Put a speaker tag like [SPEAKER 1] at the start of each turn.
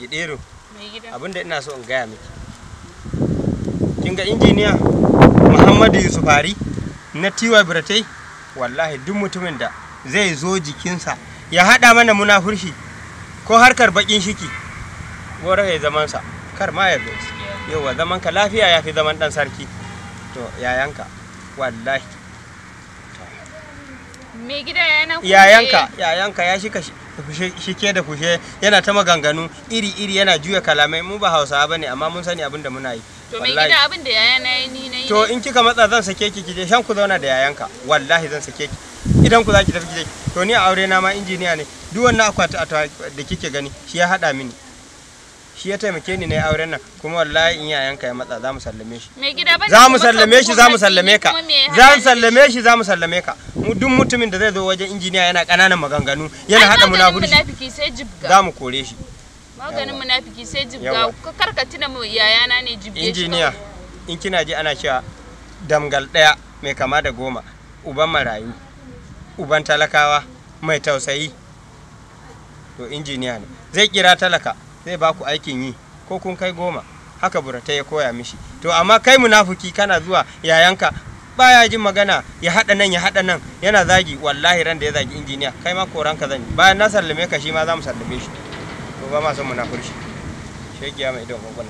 [SPEAKER 1] gidero abinda ina so in gaya miki kin ga injiniya muhammadu yusufari na tiwa biratai wallahi duk mutumin da zai zo jikinsa ya haɗa mana munafurshi ko harkar bakin shiki gora ya zamansa kar ma ya zo yauwa zamanka lafiya ya fi zaman ɗan sarki to yayanka wallahi me gida yana kushe yayanka eh. yayanka ya shika shike da kushe yana ta maganganu iri iri yana juya kalamai mu ba hausawa bane amma mun sani abin da muna yi to me gida abin da yayana yi ni nayi to in kika matsa zan sake ki kije shan ku zauna da yayanka wallahi zan sake ki idan ku zaki tafi kije to ni a aure na ma injiniya ne duk wannan akwati da kike gani shi ya hada mini shi ya taimake ni na yi auren nan kuma wallahi in ka ya matsa za mu sallame shi za mu sallame shi za mu sallame ka za mu sallame shi za mu sallame ka mu duk mutumin da zai zo wajen injiniya yana ƙananan maganganu yana haɗa munafurci za mu kore shi maganin munafiki sai jibga karka tuna mu yayana ne jibge injiniya in kina ji ana cewa damgal ɗaya mai kama da goma uban marayu uban talakawa mai tausayi to injiniya ne zai kira talaka zai ba ku aikin yi ko kun kai goma haka burata ya koya mishi to amma kai munafuki kana zuwa yayanka baya jin magana ya haɗa nan ya haɗa nan yana zagi wallahi ran da ya zagi injiniya kai ma koran ka zan bayan na sallame ka shi ma za mu sallame shi to ba ma son munafurci shegiya mai don